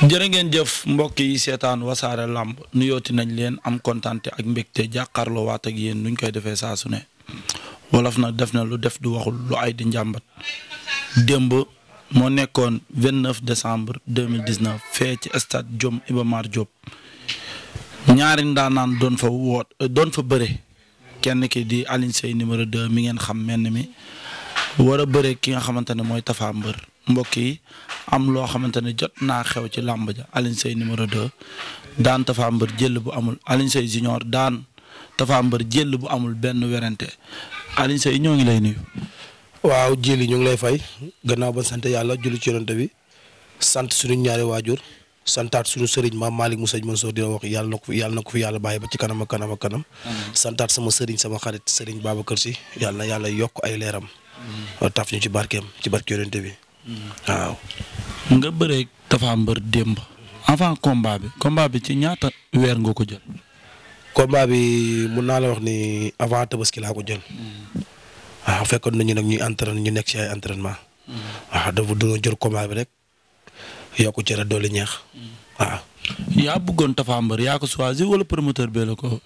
jërë ngeen jëf mbokk yi seetaan wasaare làmb nuyooti nañ leen am kontaan ak mbégte jàkkaarloo waat ak yéen nuñ koy defee saa su ne wolof nag def na lu def du waxul lu ay di njàmbat démb moo nekkoon 29 décembre 2019 fee ci stade Jom Iba Mar Diop ñaari ndaanaan doon fa woot doon fa bëre kenn ki di Alioune Seye numéro 2 mi ngeen xam mel mi war a bëre ki nga xamante ne mooy Tapha Mbeur mbokk yi am loo xamante ne jot naa xew ci làmb ja Alioune Seye numéro 2 daan Tapha mbër jël bu amul Alioune Seye junior daan Tapha Mbeur jël bu amul benn werante Alioune Seye ñoo ngi lay nuyu. waaw jëli ñoo ngi lay fay gannaaw ba sant yàlla julli ci yonante bi sant suñu ñaari waajur santaat suñu sëriñ maam Malick Moussa Mansour di la wax yàlla na yàlla na ko fi yàlla bàyyi ba ci kanam ak kanam ak kanam. santaat sama sëriñ sama xarit sëriñ Babacar si yàlla na yàlla yokk ay leeram. taf ñu ci barkeem ci barke yonante waaw. nga bëreeg Tapha Mbeur démb. avant combat bi combat bi ci ñaata weer nga ko jël. combat bi mun naa la wax ni avant tabaski laa ko jël. Mm-hmm. waaw fekkoon nañu nag ñuy entraîné ñu nekk ci ay entraînement. Mm-hmm. waaw dafa doon jël combat bi rek yokku cere dooli ñeex. Mm-hmm. bëggoon Tapha Mbeur yaa ko choisir wala promoteur bee la ko.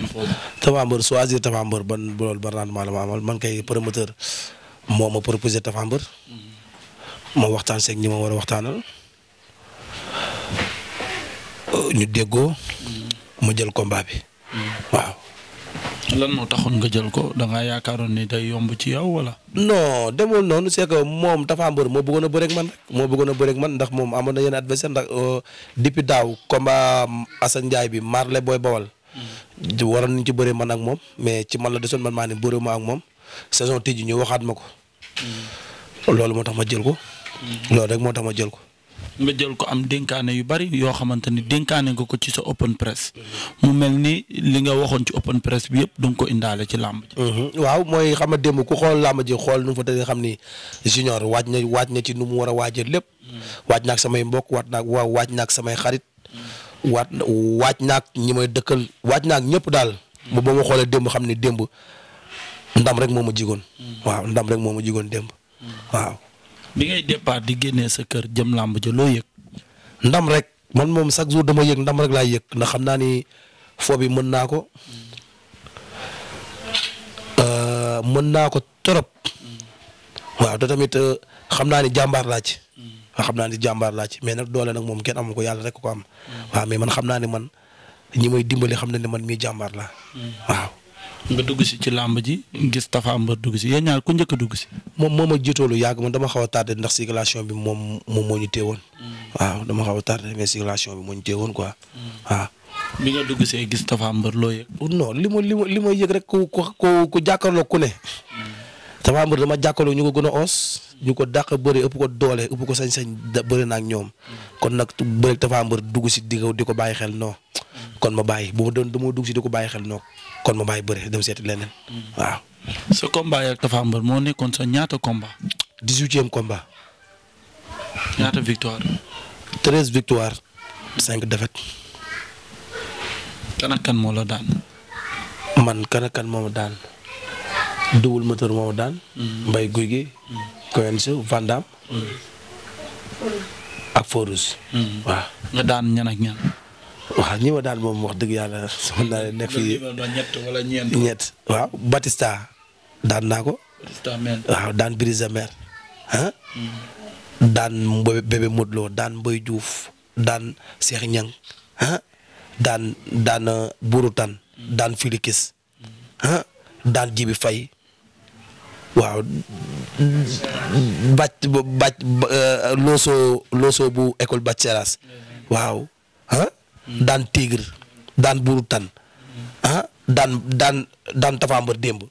Tapha Mbeur choisir Tapha Mbeur ban loolu ban rendement la ma amal man kay promoteur moo ma proposé Tapha Mbeur. moo waxtaan seeg ñi ma war a waxtaanal euh, ñu déggoo ma jël combat bi waaw. lan moo taxoon nga jël ko da ngaa yaakaaroon ni day yomb ci yow wala. non demul noonu c'est que moom Tapha Mbeur moo bëggoon a man moo bëggoon a man ndax moom amoon na yenn adversaire ndax euh, depuis daaw combat Assane njaay bi Marley booy Bawal. Mm. waroon nuñ ci bëree man ak moom mais ci man la desoon man maa ne bëriwuma ak moom saison tijji ñu waxaat ma ko. Mm. loolu moo tax ma jël ko. loolu rek moo tax ma jël ko. nga jël ko am dénkaane yu bari yoo xamante ni dénkaane nga ko ci sa open press mu mel ni li nga waxoon ci open press bi yëpp du nga ko indaale ci làmb ji. Mhm. waaw mooy xam nga démb ku xool làmb ji xool nu mu fa tëddee xam ni junior waaj na waaj na ci nu mu war a waajee lépp. Mhm. waaj naak samay mbokk waaj naak waaw waaj naak samay xarit. Mhm. waaj waaj naak ñi may dëkkal waaj naak ñëpp daal. ba ba ma xoolee démb xam ni démb ndam rek moo ma jigoon. waaw ndam rek moo ma jigoon démb waaw. bi ngay départ di génne sa kër jëm làmb ja loo yëg. ndam rek man moom chaque jour dama yëg ndam rek laay yëg ndax xam naa ni fo bi mën naa ko euh, mën naa ko trop waaw te tamit euh, xam naa ni jàmbaar laa ci. waaw mm. xam naa ni jàmbaar laa ci mais nag doole nag moom kenn amu ko yàlla rek ko am. Mm. waaw mais man xam naa ni man ñi may dimbali xam na ni man mii jàmbaar laa mm. waaw. nga dugg si ci làmb ji gis Tapha Mbeur dugg si yéen ñaar ku njëkk a dugg si. moom moo ma jiitoolu yàgg dama xaw a tardé ndax circulation bi moom moom moo ñu téewoon. Mm. waaw dama xaw a tardé mais circulation bi moo ñu téewoon quoi. Mm. waaw. bi nga dugg see gis Tapha Mbeur loo yëg. non li ma li ma li ma yëg rek ku ku ku jàkkaarloo ku ne. Mm. Tapha Mbeur dama jàkkaloo ñu ko gën a os ñu ko dàq bëri ëpp ko doole ëpp ko sañ-sañ bëri na ak ñoom kon nag bëri Tapha Mbeur dugg si di ko di ko bàyyi xel noo kon ma bàyyi bu ma doon dama dugg si di ko bàyyi xel non kon ma bàyyi bëri dem seeti leneen waaw. sa combat ak Tapha Mbeur moo nekkoon sa ñaata komba dix-huitième combat. ñaata victoire. treize victoire. cinq défaite. kan moom kan la daan. man kan ak kan daan. double moteur moo ma daan. Mm. mbay guy gi. Mm. Coense mm. ak Forus. waaw nga daan ñan ak ñan. waaw ñi ma daan moom wax dëgg yàlla mën naa leen nekk fii. ñett wala ñeent. ñett waaw Batista daan naa waaw daan Brise mer ah. daan bébé Modou daan Mbaye Diouf daan Cheikh Niang ah daan Burutan daan Filikis ah euh, daan Jibi Faye waaw bàcc bàcc euh, loosoo loosoo bu école Baccaras waaw ah daan tigr daan Buru Tan ah daan daan daan Tafambar démb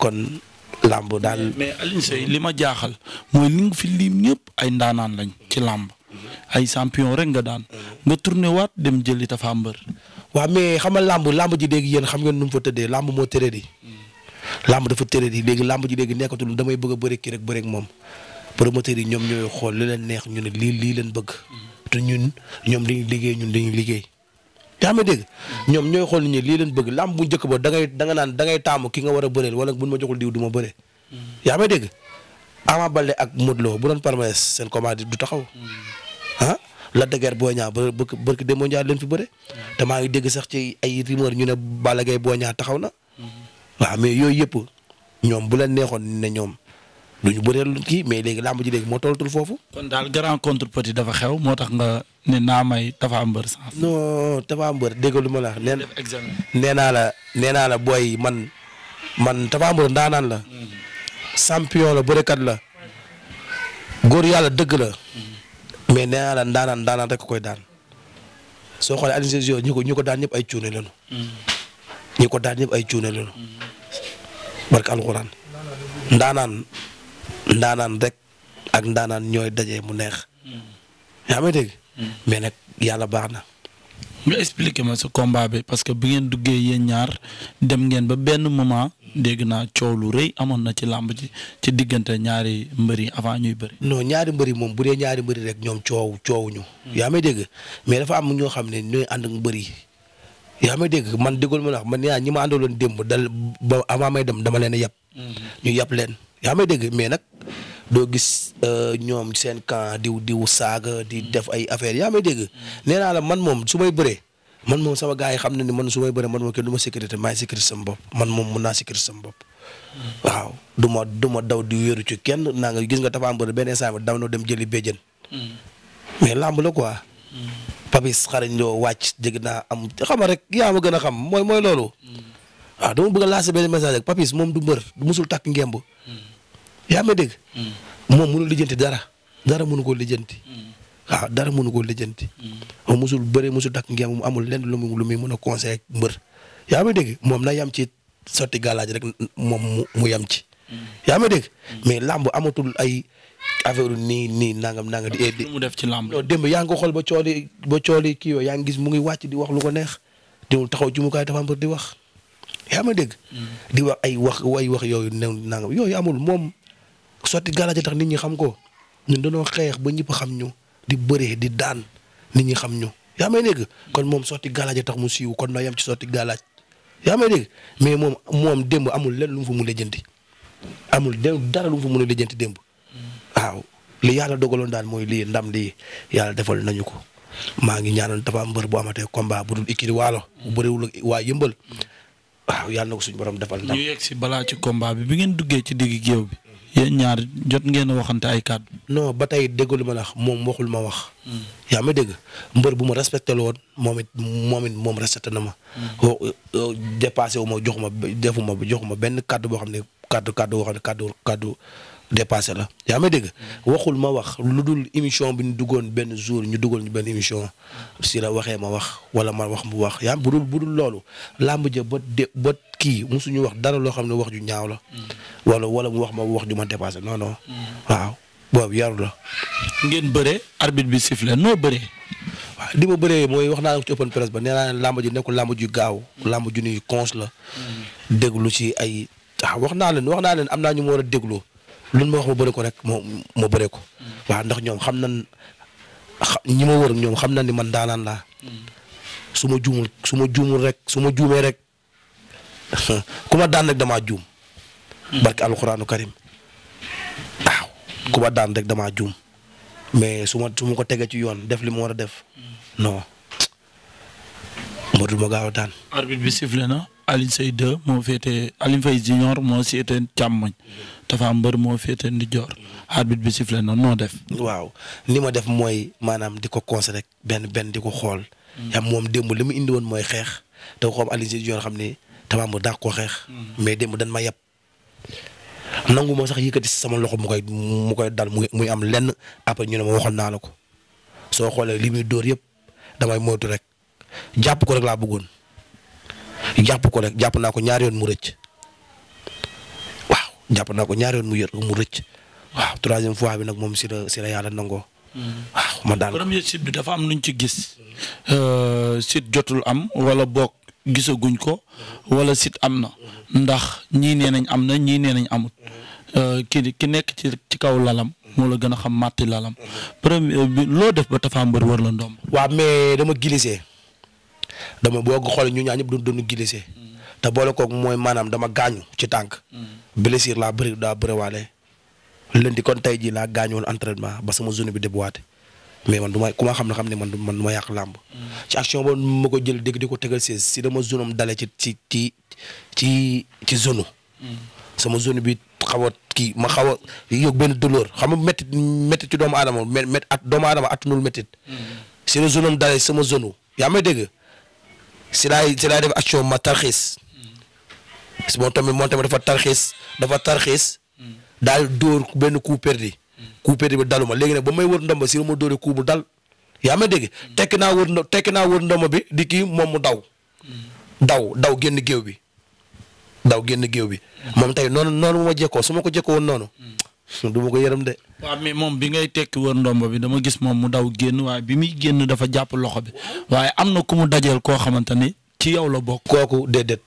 kon làmb daan mais Alioune Seye li ma jaaxal mooy li fi lim ñëpp ay ndaanaan lañ ci làmb ay champion rek nga daan nga tourné waat dem jëli Tafambar. waaw mais xam nga làmb làmb ji dégg yéen xam ngeen nu mu fa tëddee làmb moo tere di. làmb dafa tëral yi léegi làmb ji léegi nekkatul damay bëgg a bëri kii rek bëri ak moom promoteurs yi ñoom ñooy xool li leen neex ñu ne lii lii leen bëgg. te ñun ñoom dañuy liggéey ñun dañuy liggéey. yaa dégg ñoom ñooy xool ni lii leen bëgg làmb bu njëkk ba da ngay da naan da ngay taamu ki nga war a bëreel wala buñ ma joxul diw du ma bëre. yaa ngi dégg Ama Baldé ak Modou Lo bu doon palmarès seen commande du taxaw. ah Lac de Guiers Boy Niang ba bë bërki Demba Ndiaye leen fi bëre. te maa ngi dégg sax ci ay rumeur ñu ne Balla Gaye Boy Niang taxaw na. waaw mais yooyu yëpp ñoom bu la neexoon ne ñoom duñu bëreel kii mais léegi làmb ji léegi moo toltul foofu. kon daal grand contre dafa xew moo tax nga ne naa may Tapha Mbeur sans. non Tapha Mbeur dégg lu ma la nee nee naa la nee naa booy man man Tapha Mbeur ndaanaan la. Mm-hmm. champion la bërekat la. góor yàlla dëgg la. Mm-hmm. mais nee naa la ndaanaan ndaanaan rek koy daan. soo xoolee Alioune ñu ko ñu ko daan ñëpp ay cuune lañu. Mm-hmm. ñi ko daan ñëpp ay cuune lañu barke alxuraan ndaanaan ndaanaan rek ak ndaanaan ñooy daje mu neex. yaa may dégg. mais yàlla baax na. nga expliqué ma sa combat bi parce que bi ngeen duggee yéen ñaar dem ngeen ba benn moment dégg naa coow lu rëy amoon na ci làmb ji ci diggante ñaari mbër yi avant ñuy bëri. non ñaari mbër yi moom bu dee ñaari mbër rek ñoom coow coow ñu. yaa may dégg mais dafa am ñoo xam ne ñooy ànd ak yaa may dégg man déggul ma wax man ñi ma àndaloon démb dal ba may dem dama leen a yàpp mm-hmm. ñu yàpp leen yaa may dégg mais nag doo gis euh, ñoom seen camp diw diw saaga di mm-hmm. def ay affaires yaa may dégg mm-hmm. nee naa la man moom su may bëree man moom sama gars yi xam na ni man su may bëree man moom kenn du ma sécurité maay sécurité sama bopp man moom mun naa sécurité sama bopp waaw du ma du daw di wéeru ci kenn naa nga gis nga dafa am bëri benn instant daw na dem jëli béjjën mais làmb la quoi Papis xarañ loo wàcc dégg naa xam rek yaa ma gën a xam mooy mooy loolu. waaw dama bëgg a lancer benn message rek Papis moom du mbër musul takk ngemb. yaa ma dégg. moom mënul lijjanti dara dara mënu ko lijjanti. waaw dara mënu ko lijjanti. moom musul bëre musul takk ngemb mu amul lenn lu muy lu muy mën a conseil mbër. yaa ma dégg moom na yam ci sotti galaaj rek moom mu yam ci. yaa ma dégg mais ay affaire nii nii nangam nangam. di di mu def ci làmb. non démb yaa ngi ko xool ba cooli ba cooli kii yooyu yaa ngi gis mu ngi wàcc di wax lu ko neex demul taxaw jumukaay dafa am di wax yaa ma dégg. Mm. di wax ay wax way wax yooyu ne nangam yooyu amul moom sotti galaaj tax nit ñi xam ko ñun dañoo xeex ba ñëpp xam ñu di bëree di daan nit ñi xam ñu yaa may dégg. kon moom sotti galaaj tax mu siiw kon na yam ci sotti galaaj yaa may dégg mais moom moom demb amul leen lu mu fa mun a amul démb dara lu mu fa mun a jëndi démb waaw li yàlla dogaloon daal mooy lii ndam lii yàlla defal nañu ko maa ngi ñaanal dafa mbër bu amatee combat bu dul ikiri waalo bu bëriwul waa yëmbal waaw yàlla na ko suñu borom defal ndam. si balaa ci combat bi bi ngeen duggee ci digg géew bi. ñaar jot ngeen waxante ay kàddu. non ba tey déggalu ma la moom waxul ma wax. Hmm. yaa ma dégg mbër bu ma respecté la moom it moom it moom respecté na ma. Hmm. dépassé wu ma joxu ma defu ma joxu ma benn kàddu boo xam ne kàddu kàddu boo xam ne kàddu dépassé la yaa ma dégg waxul ma wax lu dul émission bi ñu duggoon benn jour ñu dugal ñu benn émission si la waxee ma wax wala ma wax mu wax yaa bu dul bu dul loolu làmb ja ba de ba kii musuñu wax dara loo xam ne wax ju ñaaw la. wala wala mu wax ma wax ju ma dépassé non boobu yaru la. ngeen bëree arbitre bi sifflé noo bëree. waaw li ma bëree mooy wax naa ci open press ba naa ne làmb ji nekkul ju gaaw làmb ju nuy cons la. Hmm. déglu ci ay. waaw ah, wax naa leen wax naa leen am naa ñu mu war a dégloo. lu ma wax ma bëri ko rek moo ma bëri ko. waaw ndax ñoom xam na ñi ma wër ñoom xam na ni man daanaan laa. su ma juumul su ma juumul rek su ma juumee rek ku ma daan rek damaa juum. barke alxuraanu karim waaw daan rek damaa juum mais su ma ko tegee ci yoon def li ma war a def non Modou ma gaaw a daan. arbitre bi sifflé na Alioune Seye 2 moo féetee Alioune Faye Junior moo si été càmmoñ Tapha Mbeur moo féete ndijoor arbitre bi sifflé na noo def. waaw ni ma def mooy maanaam di ko conseillé rek benn benn di ko xool. xam mm. moom démb li mu indi woon mooy xeex te xoom Alioune Sèye Junior xam ni Tapha Mbeur daa ko xeex. Mm. mais démb dañ ma yab. nangu moo sax yëkkati sama loxo mu koy mu koy dal muy am lenn après ñu ne ma waxoon naa la ko soo xoolee li muy dóor yëpp damay moytu rek jàpp ko rek laa bëggoon jàpp ko rek jàpp naa ko ñaari yoon mu rëcc. jàpp naa ko ñaari yoon mu yër mu rëcc waaw troisième fois bi nag moom si la yàlla nangoo. waaw ma daan premier site bi dafa am ñu ci gis. Euh, site jotul am walla boog gisaguñ ko wala sit am na ndax ñii nee nañ am na ñii nee nañ amut euh, ki ki nekk ci ci kaw lalam moo la gën a xam màtti lalam premier bi loo def ba Tapha Mbeur war la ndomb. waaw mais dama glissé dama boog ko ñu ñaar ñëpp doon doon glissé te boole kook mooy maanaam dama gaañu ci tànk. Mm. blessure laa bëri daa bëriwaale lundi kon tey jii laa gaañu woon entraînement ba sama zone bi déboîté mais man du ma ma xam ne xam ne man man du ma yàq làmb. Mm. ci action boobu ma ko jël dégg di ko tegal si si dama zone am dale ci ci ci ci ci mm. a a doomu aadama at doomu aadama mm. si la zone am yaa may dégg si laay def action ma tarxiis su ma tamit moo tamit dafa tarxiis dafa tarxiis daal dóor benn coup perdu. coup perdu bi daluma léegi nag ba may wër ndomba si ma dóore coup bu dal yaa ma dégg tekki naa wër tekki naa wër ndomba bi di kii moom mu daw. daw daw génn géew bi daw génn géew bi moom tey noonu noonu ma jekkoo su ma ko jekkoo noonu. Mm. du ma ko yërëm de. waaw mais moom bi ngay tekki wër ndomba bi dama gis moom mu daw génn waaye bi muy génn dafa jàpp loxo bi waaye am na ku mu dajeel koo xamante ni ci yow la bokk. kooku déedéet.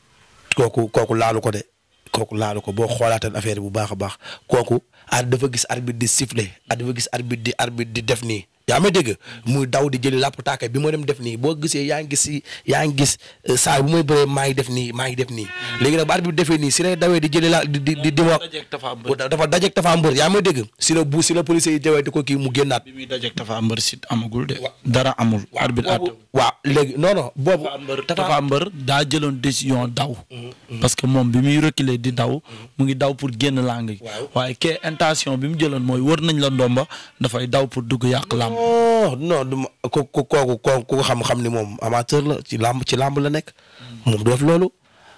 kooku kooku laalu ko de kooku laalu ko boo xoolaataan affaire bu baax a baax kooku ar ah, dafa gis arbitre di siffler ar ah, dafa gis arbitre di arbitre di def nii yaa ma dégg muy daw di jëli làpp taaka bi ma dem def nii boo gisee yaa ngi gis si euh, saa bu may bëree maa ngi def nii maa ngi def nii hmm. léegi nag baat bi defee nii si lay dawee di jëli la di di di di wax dafa dajeeg Tapha ma dégg la bu si la di ko kii mu génnaat bi muy dajeeg Tapha Mbeur si amagul de dara amul arbitre at waaw léegi non non boobu Tapha daa jëloon décision daw hmm, hmm. parce que moom bi muy reculer di daw mu ngi daw pour génn langue yi waaye kee intention bi mu jëloon mooy wër nañ la ndomba dafay daw pour dugg yàq làmb non non du ma ko ku kooku ku xam-xam ni moom amaateur la ci làmb ci làmb la nekk. moom du def loolu.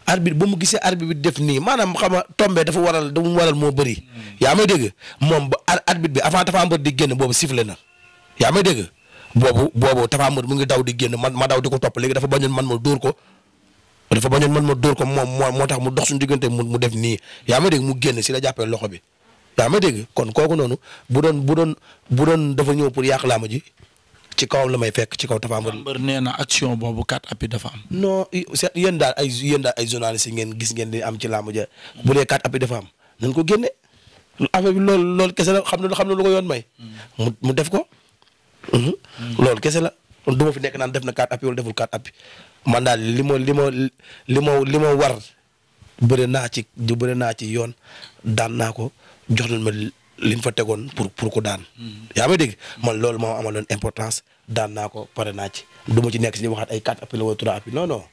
arbitre bu mu gisee arbitre bi def nii maanaam xam nga tombé dafa waral dafa waral moo bëri. yaa may dégg moom ba arbitre bi avant Tapha Mbeur di génn boobu sifflé na. yaa may dégg boobu boobu Tapha Mbeur mu ngi daw di génn man ma daw di ko topp léegi dafa bañoon man ma dóor ko. dafa bañoon man ma door ko moom moo moo tax mu dox suñu diggante mu def nii yaa may dégg mu génn si la jàppee loxo bi. daa ma dégg kon kooku noonu bu doon bu doon bu doon dafa ñëw pour yàq laa ji ci kawam la may fekk ci kaw Tapha Mbeur. Mbër nee na action boobu quatre appuis dafa am. non yéen daal ay yéen daal ay journalistes ngeen gis ngeen di am ci làmb ja bu dee quatre appuis am nañ ko génne affaire bi loolu loolu kese la xam na xam na lu ko yoon may. Hmm. mu mu def ko. Mhm. Hmm. loolu kese la du ma fi nekk naan def na quatre appuis wala deful quatre appuis man daal li ma li ma li ma li ma war bëri naa ci bëri naa ci yoon daan naa ko. jox nañ ma liñ fa tegoon pour pour ko daan. Mm-hmm. yaa ma dégg man loolu moo amaloon importance daan naa ko pare naa ci du ma ci nekk si di waxaat ay quatre appels wala trois appels non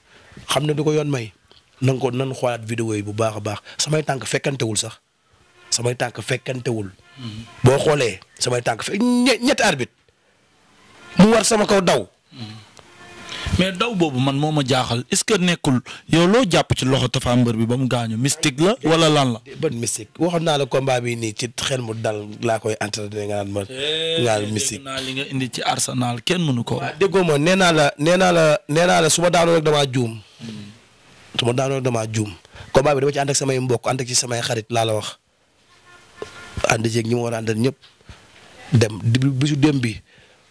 xam ne du ko yoon may nan ko nan xoolaat vidéo yi bu baax a baax samay tànk fekkantewul sax samay tànk fekkantewul. Mm-hmm. boo xoolee samay tànk fekk ñetti arbit mu war sama kaw daw. Mm-hmm. mais daw boobu man moo ma jaaxal est-ce que nekkul yow loo jàpp ci loxo Tapha Mbeur bi ba mu gaañu mystique la wala lan la. ban mystique waxoon naa la combat bi nii ci xel mu dal laa koy entraîné ma. nga naan eh, naa li nga indi ci Arsenal kenn mënu ko. waaw ah, déggoo ma nee la nee naa la nee daanoo rek damaa juum. Hmm. su daanoo rek damaa juum. combat bi dama ci ànd samay mbokk ànd ci samay xarit laa la wax ànd ceeg ñi ma war a àndal ñëpp dem bisu dem bi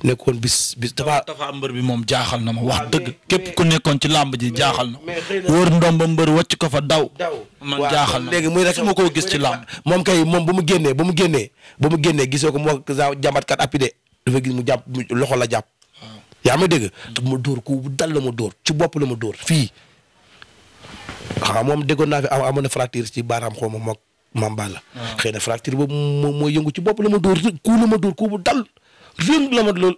nekkoon bis bis dafa dafa mbër bi moom jaaxal na ma wax dëgg képp ku nekkoon ci làmb ji jaaxal na wóor ndomba mbër wàcc ko fa daw ma jaaxal na léegi muy rek ma koo gis ci làmb moom kay moom ba mu génnee ba mu génnee ba mu génnee gisoo ko mu wax jàmbatkat appide dafa mu jàpp loxo la jàpp yaa ma dégg ma dóor ku dal la ma dóor ci bopp la ma dóor fii waaw moom déggoon naa fi am amoon na fracture ci baaraam xaw ma moog mamba la xëy na boobu moom mooy ci bopp la ma dóor ku dal jeune la ma loolu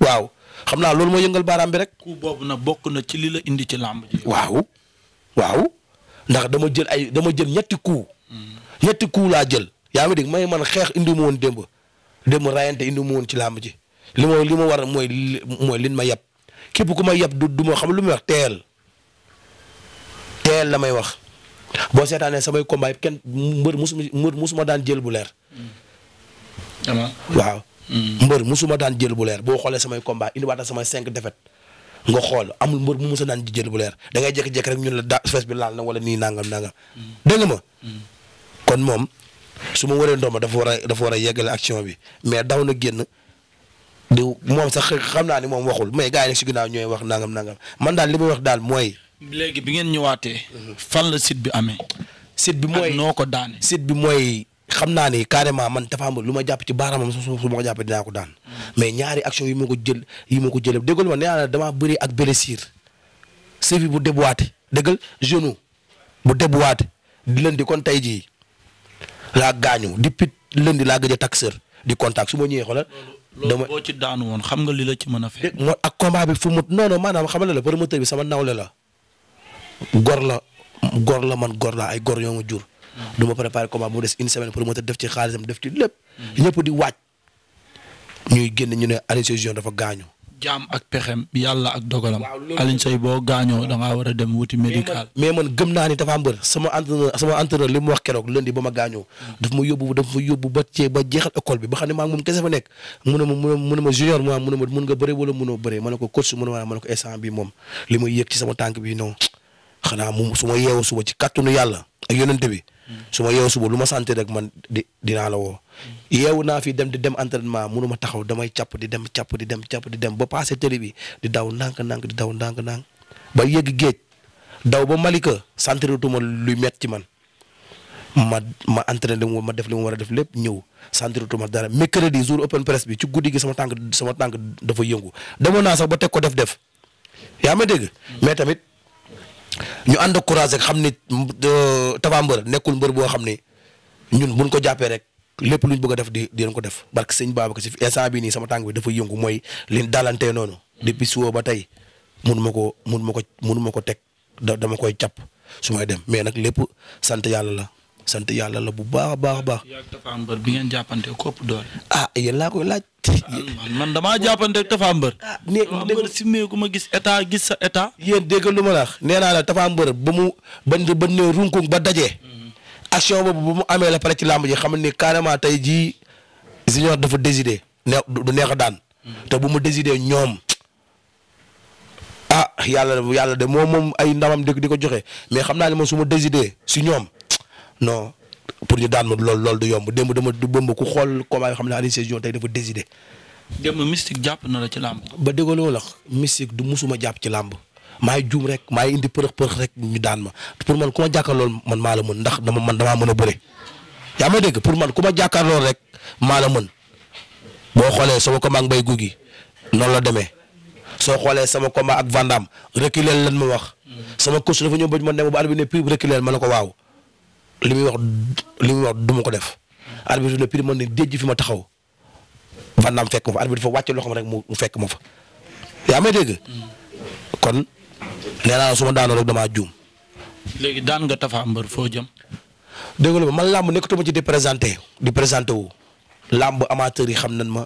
waaw xam naa loolu ma yëngal baaraam bi rek. ku boobu nag bokk na ci li la indi ci làmb ji. waaw waaw ndax dama jël ay dama jël ñetti ku mm. ñetti coup laa jël yaa ma dégg may man xeex indi mu woon démb démb rayante indi mu woon ci làmb ji li ma li ma war mooy mooy lin ma yab képp ku ma yab du du ma xam lu muy wax teel teel la may wax boo seetaanee samay combat yëpp kenn musuma mbër musuma daan jël bu leer. Mm. waaw. mbër suma daan jël bu leer boo xoolee samay combat indiwaata samay cinq défaites nga xool amul mbër mu musa daan jël bu leer dangay ngay jékki rek ñun la da fees bi na wala nii nangam nangam. dégg ma. kon moom su ma waree ndoom dafa war a dafa a yeggale action bi mais daw na génn di moom sax xam naa ni moom waxul mais gars yi nag si ginnaaw ñooy wax nangam nangam man daal li may wax daal mooy. léegi bi ngeen ñëwaatee. la site bi amee. site bi mooy noo ko daane. site bi mooy xam naa ni carrément man Tapha Mbeur lu ma jàpp ci baaraamam ma su ma ko jàppee dinaa ko daan. mais ñaari action yi ma ko jël yi ma ko jëlee déggal ma nee bëri ak blessure. cheville bu déboîté déggal genou bu déboîté di lëndi kon tey jii laa gaañu depuis lëndi laa gëj a takk di contact su ma ñëwee la dama boo ci daanu woon xam nga li la ci mën a fekk. moo ak combat bi fu mu non non maanaam xamal la promoteur bi sama nawle la. gor la gor la man gor la ay gor yoo ma jur. du ma préparé combat mu des une semaine promoteur def ci xaalisam def ci lépp. ñëpp di waaj. ñuy génn ñu ne Alioune Seye Junior dafa gaañu. jaam ak pexem yàlla ak dogalam. waaw Alioune Seye boo gaañoo da war a dem wuti mais man naa ni dafa mbër sama sama entraîneur li mu wax keroog lundi ba ma gaañoo. daf ma yóbbu daf ma yóbbu ba cee ba jeexal école bi ba xam ne maa ngi moom kese fa nekk mu ne ma junior mu mun nga bëre wala munoo bëre ma ne ko coach mu ne ma ne ko instant bi moom li may yëg ci sama tànk bi non xanaa moom su ma yeewoo suba ci kàttanu yàlla ak yonente bi su ma yeew suba lu ma santé rek man di dinaa la woo yeewu naa fi dem di dem entraînement mënu ma taxaw damay càpp di dem càpp di dem càpp di dem ba passé télé bi di daw ndànk-ndànk di daw ndànk-ndànk ba yëgg géej daw ba Malika sentiratuma luy mett ci man ma ma entraîné li ma def li ma war a def lépp ñëw ma dara mercredi jour open press bi ci guddi gi sama tànk sama tànk dafa yëngu demoon naa sax ba teg ko def def yaa ma dégg mm. mais tamit ñu ànd ak courage rek xam ni euh, Tapha Mbeur nekkul mbër boo xam ne ñun buñ ko jàppee rek lépp luñ bëgg def di dinañ ko def barke sëñ Baaba si instant bi nii sama tànk bi dafa yëngu mooy li dalantee noonu. depuis suba ba tey mun ma ko mun ma ko mun ko teg dama koy jàpp su may dem mais nag lépp sant yàlla la. sant yàlla la bu baax a baax a baax. Tapha Mbeur bi ngeen jàppante ko ëpp a ah yéen laa ah, man damaa jàppante ak Tapha Mbeur. ah nee ma gis état gis sa état. yéen dégg lu ma la ba mu ba ba néew runkung ba dajee. Mm-hmm. action boobu ba mu amee la pare ci làmb ji xam ni carrément tey jii Junior dafa décidé du neex a daan. Mm-hmm. te bu mu décidé ñoom. ah yàlla yàlla de moom moom ay ndamam di ko joxe mais xam naa ne moom su ma décidé si ñoom. non pour ñu daan ma lool loolu du yomb demb dama du bëmb ku xool combat yoo xam ne Alioune Sèye Junior tey dafa décidé. démb mystique jàpp na la ci làmb. ba déggoo loolu mystique du musuma jàpp ci làmb. maay juum rek maay indi përëx përëx rek ñu daan ma pour man ku ma jàkkaarlool man maa la mën ndax dama man damaa mën a bëre. yaa ma dégg pour man ku ma jàkkaarlool rek maa la mën moo xoolee sama combat ak Mbaye Gouy noonu la demee soo xoolee sama combat ak Vandam reculer lan ma wax. Hmm. sama coach dafa ñëw ne ko waaw. li muy wax li muy wax du ko def. arbitre le prix mën ne déj fi ma taxaw. Van Daam fekk ma fa arbitre dafa rek mu fekk ma fa. yaa may dégg. kon nee naa su ma rek damaa juum. léegi daan nga Tapha Mbeur foo jëm. dégg nga man làmb nekkatuma ci di présenté di présenté wu. làmb amateur yi xam nañ ma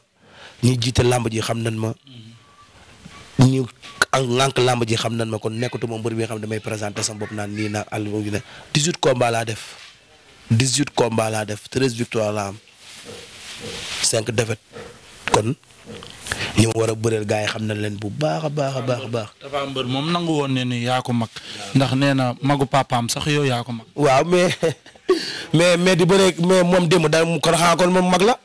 ñi jiite làmb ji xam nañ ma ñi ngànk làmb ji xam nañ ma kon nekkatuma mbër bi nga xam ne damay présenté sama bopp naan nii naa àll bi ne 18 combats laa def. dix huit combats laa def treize victoire laa am cinq défaites kon ñi ma war a bëreel gars yi xam na leen bu baax a baax a baax a baax. dafa mbër moom nangu woon ne ni yaa ko mag. ndax nee na magu papaam sax yow yaa ko mag. waaw mais mais mais di bëree mais moom démb da kon xanaa moom mag la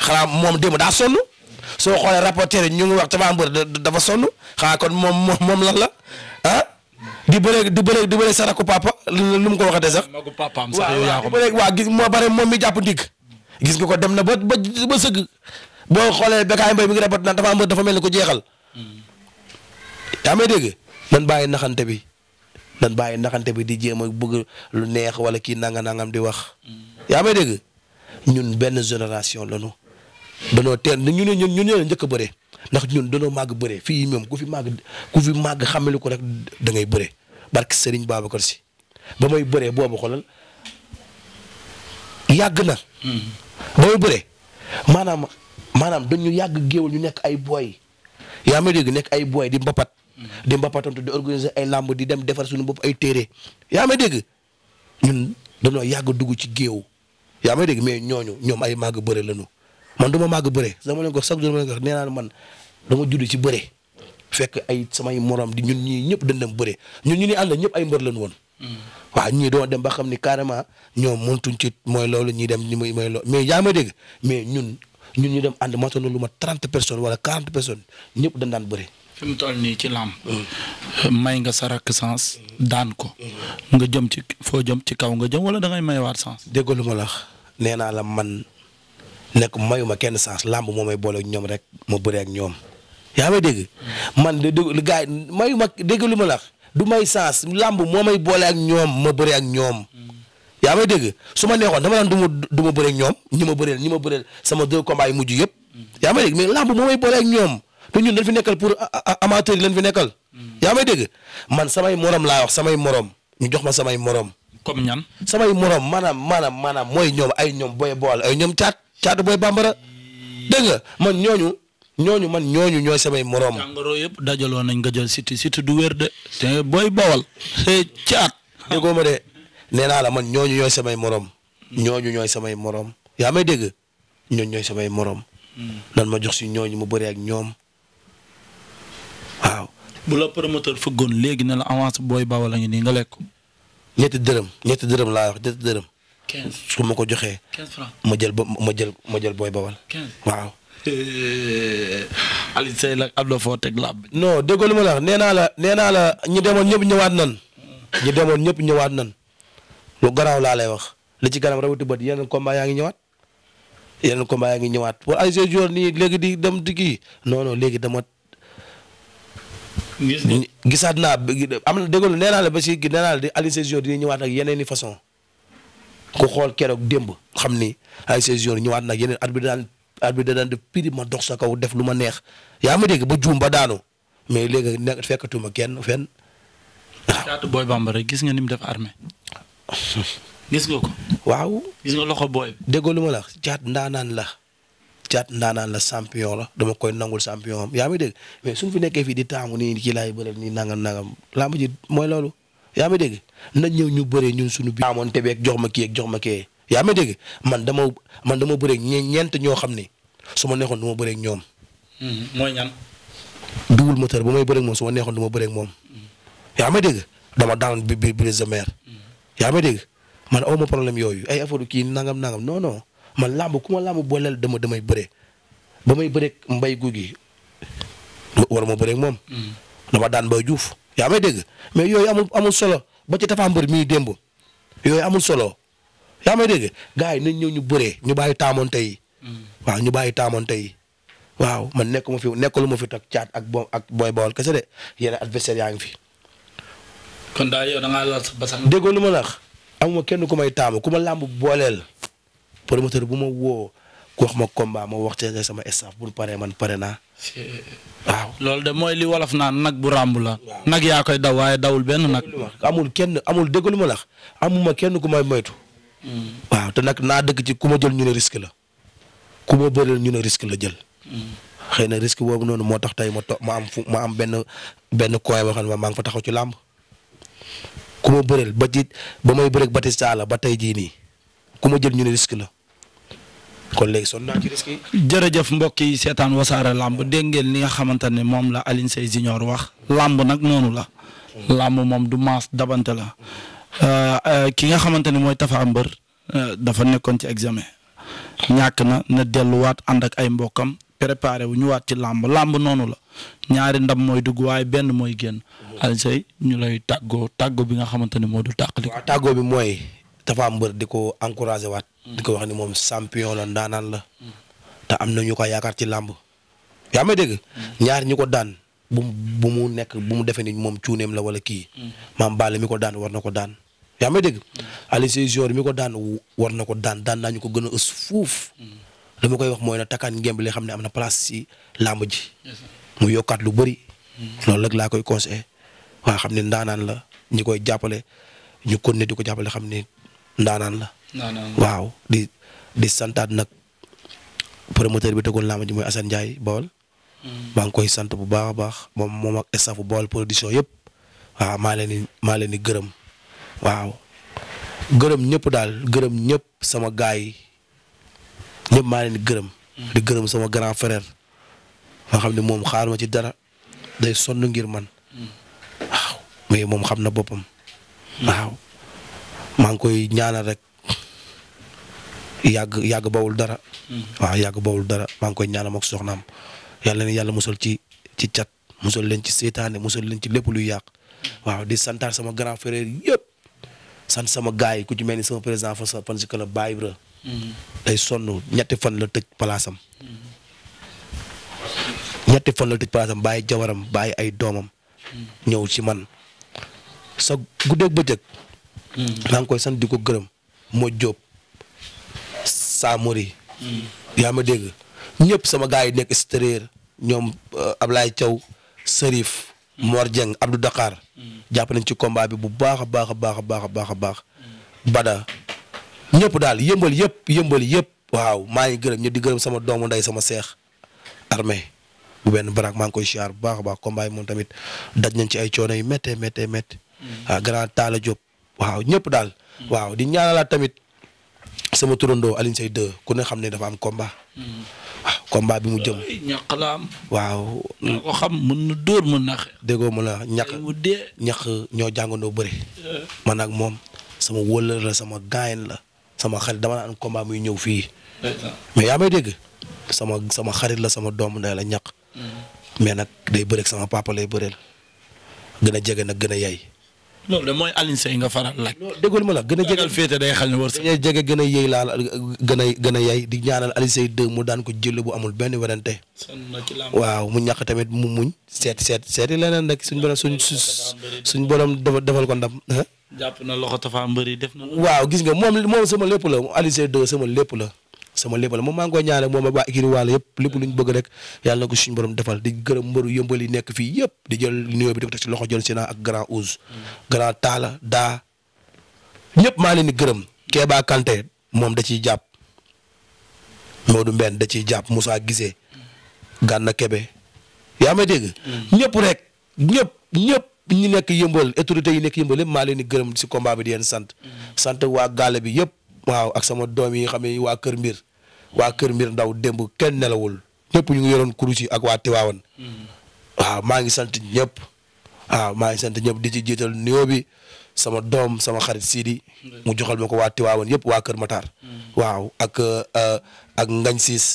xanaa moom démb daa sonn soo xoolee rapporteur yi ñu ngi wax dafa mbër dafa sonn xanaa kon moom moom lan la ah. di bëreeg di bëreeg di bëreeg sa rakku papa lu mu ko waxatee sax. magu papaam sax yow waa gis moo bare moom mi jàpp ndig. gis nga ko dem na ba ba ba sëgg boo xoolee Bécaye Mbaye mi ngi rabat naan dafa am dafa mel ni ko jeexal. yaa may dégg nan bàyyi naxante bi nan bàyyi naxante bi di jéem a bëgg lu neex wala kii nanga nangam di wax. yaa may dégg ñun benn génération lañu. danoo teel ñu ne ñun ñu ne njëkk a bëre. ndax ñun danoo màgg bëre fii moom ku fi màgg ku fi màgg xamali ko rek dangay ngay bëre sëriñ Serigne Babacar si ba may bëree boobu xoolal yàgg na. Hmm. ba bëre bëree maanaam maanaam dañu yàgg géewul ñu nekk ay booy yaa may dégg nekk ay booy di mbapat. Hmm. di mbapatantu di organiser ay làmb di dem defar suñu bopp ay téere yaa may dégg ñun dañoo yàgg dugg ci géew yaa may dégg mais ñooñu ñoom ay màgg bëre lañu man du ma màgg bëre dama leen ko chaque jour ma leen ko nee naa ci bëre fekk ay samay morom di ñun ñii ñëpp dañ dem bëre ñun ñu ni ànd ñëpp ay lañ woon. Hmm. waaw ñii doo dem ba xam ni carrément ñoom mëntuñ ci mooy loolu ñii dem ni muy mooy loolu mais yaa dégg mais ñun ñun ñu dem ànd matanu lu ma trente personnes wala quarante personnes ñëpp dañ daan bëre. fi mu toll nii ci làmb hmm. may nga sa rakk sens daan ko. Hmm. nga jëm ci foo jëm ci kaw nga jëm wala dangay mayawaat sens. dégg lu ma la nee naa la man. nekk mayuma kenn sens làmb moo may boole ñoom rek ma bëree ak ñoom yaa may dégg. man de de gars yi mayuma dégg lu ma la du may sens làmb moo may boole ak ñoom ma bëree ak ñoom. yaa may dégg su ma neexoon dama du ma du ma ak ñoom ñi ma bëreel ñi ma bëreel sama deux combats yi mujj yëpp. yaa may dégg mais làmb moo may boole ak ñoom te ñun dañ fi nekkal pour amateur yi fi nekkal. yaa may dégg man samay morom laa wax samay morom ñu jox ma samay morom. comme ñan samay morom maanaam maanaam maanaam mooy ñoom ay ñoom boy bool ay ñoom caat. caatu booy bambara dégg nga man ñooñu ñooñu man ñooñu ñooy samay moroom. jàngoro yëpp dajaloo nañ nga jël Siteu Siteu du wér de. booy bawal. caat. déggoo ma nee naa la man ñooñu ñooy samay moroom. ñooñu ñooy samay moroom. yaa may dégg ñooñu ñooy samay moroom. nan ma jox si ñooñu mu bari ak ñoom waaw. bu la fu gun léegi ne la avance booy bawal a nii nga lekk. ñetti dërëm ñetti dërëm laa wax ñetti dërëm. 15 su ma ko joxee. 15 francs ma jël ba ma jël ma jël booy bawal. 15 waaw. Eh, Alioune Seye nag ma la nee naa la nee naa la ñi ñëpp ñëwaat nan demoon ñëpp ñëwaat nan laa lay wax li ci kanam rawati bët yeneen combat yaa ngi ñëwaat yeneen ngi ñëwaat pour léegi di dem di kii non non naa am na naa la ba si di ñëwaat ak yeneen i façon. ku xool keroog démb xam ni ay ses jours ñëwaat nag yeneen at bi daan at bi daan def ma dox sa kaw def lu ma neex yaa ma dégg ba juum ba daanu mais léegi nekk fekkatuma kenn fen caatu booy bambara gis nga ni mu def armée. gis nga ko. waaw. gis nga loxo booy. déggoo lu ma la caat ndaanaan la. caat ndaanaan la champion la dama koy nangul champion yaa ngi dégg mais suñ fi nekkee fii di taamu nii kii laay nii nangam nangam làmb ji mooy loolu. yaa ma dégg nañ ñëw ñu bare ñun suñu bi amoon jox ma jox ma kii yaa ma dégg man dama man dama bëree ñeent ñoo xam ne su ma neexoon du ma ñoom. Hmm, mooy ñan. duwul moteur ba may bëree ak moom su ma neexoon du ma bëree ak moom. yaa ma dégg dama daan bi bi brise de mer. yaa ma dégg man aw ma problème yooyu ay affaire kii nangam nangam non man làmb ku ma làmb booleel dama damay bare ba may bëree mbay gu gi war ma bëree moom. Hmm. dama daan bay juuf. yaa may dégg mais yooyu amul amul solo ba ci Tapha Mbeur mii démb yooyu amul solo yaa may dégg gars yi nañ ñëw ñu bëree ñu bàyyi taamoon tey mm. waaw ñu bàyyi taamoon tey waaw man nekkuma fi nekkalu ma fi toog caat ak ak booy bawal kese de yeneen yaa ngi fi. kon daa yow da ngaa laal sa basang. déggoo lu ma lax amuma kenn ku may taamu ku ma làmb booleel promoteur bu ma woo ku wax ma combat ma wax sama staff bu paree man pare naa. waaw loolu de mooy li wolof naan nag bu ràmb la. nag yaa koy daw waaye dawul benn nag. amul kenn amul déglu ma lax amuma kenn ku may moytu. Hmm. waaw te nag naa dëkk ci ku ma jël ñu ne risque la ku ma bëreel ñu ne risque la jël. Hmm. xëy na risque boobu noonu moo tax tey ma to ma am fu am benn benn koy boo xam ne maa ngi fa taxaw ci làmb. ku ma bëreel ba ci ba may bëreeg Batista la ba tey jii nii ku ma jël ñu ne risque la. kon léegi sonn naa ci risque jërëjëf mbokk yi seetaan wasaare làmb dégg ngeen li nga xamante ne moom la Alioune Seye Junior wax làmb nag noonu la. làmb moom du maas dabante la. Euh, euh, ki nga xamante ne mooy Tapha Mbeur euh, dafa nekkoon ci examen ñàkk na na delluwaat ànd ak ay mbokkam préparé wu ñëwaat ci làmb làmb noonu la ñaari ndab mooy dugg waaye benn mooy génn. Alioune ñu lay tàggoo tàggoo bi nga xamante ne moo du tàqali. waaw tàggoo bi mooy Tapha Mbeur di ko encouragé waat. di ko wax ni moom champion la ndaanaan la. te am na ñu ko yaakaar ci làmb. yaa ma dégg. ñaar ñu ko daan bu mu bu mu nekk bu mu defee ni moom cuuneem la wala kii. maam Balla mi ko daan war na ko daan. yaa may dégg. Aliou Seye Jor mi ko daan war na ko daan daan naa ñu ko gën a ës fuuf. li ma koy wax mooy na takkaan ngemb li xam ne am na place si làmb ji. mu yokkaat lu bari loolu rek laa koy conseillé. waa xam ne ndaanaan la ñi koy jàppale ñu kon ne di ko jàppale xam ne. ndaanaan la. waaw di santaat nag promoteur bi tegoon làmb ji mooy Assane Ndiaye Baol. Mm. maa ngi koy sant bu baax a baax moom moom ak staffu Baol production yëpp waaw maa leen maa leen di gërëm waaw gërëm ñëpp daal gërëm ñëpp sama gaay yi maa leen gërëm. Mm. gërëm sama grand frère. nga xam ne moom xaaruma ci dara day sonn ngir man. Mm. waaw mais moom xam na boppam. waaw maa ngi koy ñaanal rek yàgg yàgg bawul dara. Mm-hmm. waaw yàgg bawul dara maa ngi koy ñaanal ak soxnaam yàlla na yàlla musal ci ci cat musal leen ci seetaane musal leen ci lépp luy yàq. waaw di santaar sama grand frère yëpp sant sama gaay yi ku ci mel ni sama président fa sa fan si club Baye Ibra mm-hmm. day sonn ñetti fan la tëj palaasam. Mm-hmm. ñetti fan la tëj palaasam bàyyi jawaram bàyyi ay doomam. ñëw ci man sa guddeeg bëccëg maa mm. ngi koy sant di ko gërëm moo Diop Samori. Mm. yaa ma dégg ñëpp sama gars yi nekk extérieur ñoom euh, Ablaye Thiaw Serif mm. Mor Dieng Abdou Dakar jàpp nañ ci combat bi bu baax a baax a baax a baax a baax Bada ñëpp daal yëmbal yëpp yëmbal yëpp waaw maa ngi gërëm ñëpp di gërëm sama doomu ndey sama seex armée bu benn baraak maa ngi koy siyaar bu baax baax combat moom tamit daj nañ ci ay coono yu méttee méttee méttee. ah grand Talla Diop waaw ñëpp daal. Hmm. waaw di laa tamit sama turandoo Alioune say 2 ku ne xam ne dafa am komba waaw hmm. ah, bi mu jëm. ñàq waaw. ko xam mën na dóor mën na. déggoo ma la ñàq ñàq ñoo jàngandoo bëri. Eh. man ak moom sama wëllër la sama gaayen la sama xarit dama naan combat muy ñëw fii. mais yaa may dégg sama sama xarit la sama doomu ndey la ñàq. Hmm. mais nag day bëreeg sama papa lay bëreel. gën a jege nag gën a yay loolu de mooy Alioune Seye nga faral laaj. déggoo ma la gën a jégal féete day xal ne wërsëg. gën a jege gën a yey laal gën a gën a yey di ñaanal Alioune Seye 2 mu daan ko jël bu amul benn werante. waaw mu ñàkk tamit mu muñ. seet seet seet seeti leneen rek suñ borom suñ suñ borom defal ko ndam. jàpp na loxo Tafa mbëri def na. waaw gis nga moom moom sama lépp la mu Seye 2 sama lépp la. sama lépp la moom maa ngi koy ñaanal moom ak waa Ikiri Waalo yëpp lépp lu ñu rek yàlla na ko borom defal di gërëm mbëru yëmbal yi nekk fii yëpp di jël nuyoo bi di ko teg ci loxo Sina ak grand Ousse. grand Talla daa ñëpp maa leen gërëm. Kéba Kanté moom da ciy jàpp Modou Mbène da ciy jàpp Moussa Guissé Gana Kebe yaa may dégg. ñëpp rek ñëpp ñëpp. ñi nekk yëmbal autorités yi nekk yëmbal yëpp maa leen gërëm si combat bi di leen sant mm. sant waa gaale bi yi xam ne waa Kër Mbir waa Kër Mbir Ndaw démb kenn nelawul ñëpp ñu ngi yoroon kurus yi ak waa Tiwaawan. maa ngi sant ñëpp. waaw maa ngi sant ñëpp di ci jiital nuyoo bi sama doom sama xarit Sidi. mu joxal ma ko waa Tiwaawan yëpp waa Kër Matar. waaw ak euh, ak Ngañ Siis.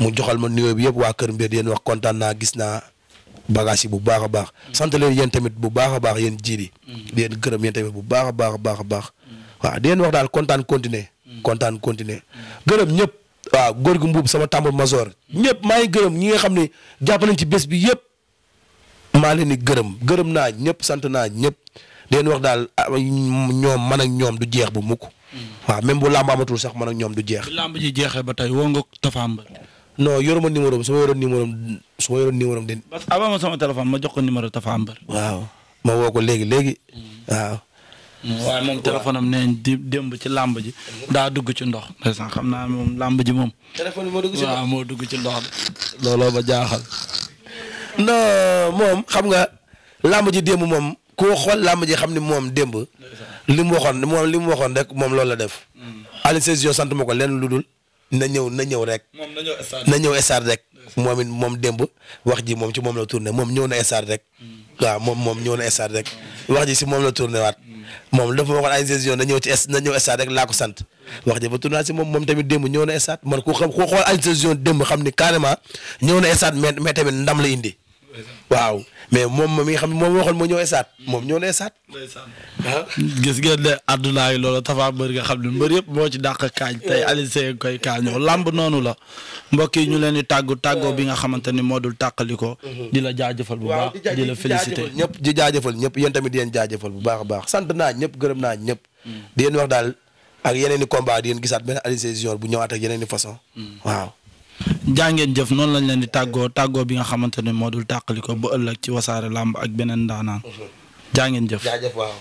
mu joxal ma nuyoo bi yëpp waa Kër Mbir yéen wax kontaan naa gis naa bagage bu baax a baax. Mm. sant leen yéen tamit bu baax a baax yéen jiidi. Mm. di leen gërëm yéen tamit bu baax a baax a baax a baax. waaw di wax daal kontaan continuer kontaan continuer gërëm ñëpp waaw góor gu mbuub sama tàmbal masoor ñëpp maa ngi gërëm ñi nga xam ne jàpp nañ ci bés bi yëpp maa leen di gërëm gërëm naa ñëpp sant naa ñëpp di leen wax daal ah, ñoom man ak ñoom du jeex bu mukk waaw même bu làmb sax man ak ñoom du jeex. làmb ji jeexee ba tey woo nga Tapha Mbeur. non yoruma numéro su ma yoroon numéro su ma yoroon numéro am. avant sama téléphone ma jox ko numéro Tapha Mbeur. waaw ma woo ko léegi léegi mm. waaye moom téléphone am nee di démb ci làmb ji daa dugg ci ndox ndeysaan xam naa moom làmb ji moom. téléphone moo dugg ci ndox waaw moo dugg ci ndox looloo ba jaaxal. non moom xam nga làmb ji démb moom koo xool làmb ji xam ni moom demb li mu waxoon moom li mu waxoon rek moom loolu la def. Hmm. Aliou Sezio sant ma ko lenn lu dul na ñëw na ñëw rek. na ñëw stade na ñëw stade rek. moom it moom démb wax ji moom ci moom la tourné moom ñëw na stade rek. Hmm. waaw moom moom ñëw na stade rek. Hmm. wax ji si moom la tourné waat. moom dafa waxoon ay gestion na ñëw ci rek laa ko sant wax ja ba tournoi si moom moom tamit démb ñëw na stade man ku xam ku xool ay gestion démb xam ni carrément ñëw na stade mais tamit ndam la indi waaw mais moom mi nga xam moom waxoon moo ñëw esaat mm. moom ñoo ne esaat. gis ngeen ne àdduna yi loolu Tapha Mbeur nga xam ne mbër yëpp moo ci dàq kaañ tey Alioune Seye koy kaañoo làmb noonu la mbokk yi ñu leen di tàggu tàggoo bi nga xamante ni moo dul tàqali ko. Mm-hmm. di la jaajëfal bu baax di la ñëpp di jaajëfal ñëpp yéen tamit di jaajëfal bu baax a baax sant naa ñëpp gërëm naa ñëpp. Mm. di leen wax daal ak yeneen i combat di leen gisaat benn Alioune Seye bu ñëwaat ak yeneen façon mm. waaw jàngeen jëf noonu lañ leen di tàggoo tàggoo bi nga xamante ne moo dul tàqali ko ba ëllëg ci wasaare làmb ak beneen daanaan mhm. jàngeen jëf jaajëf waaw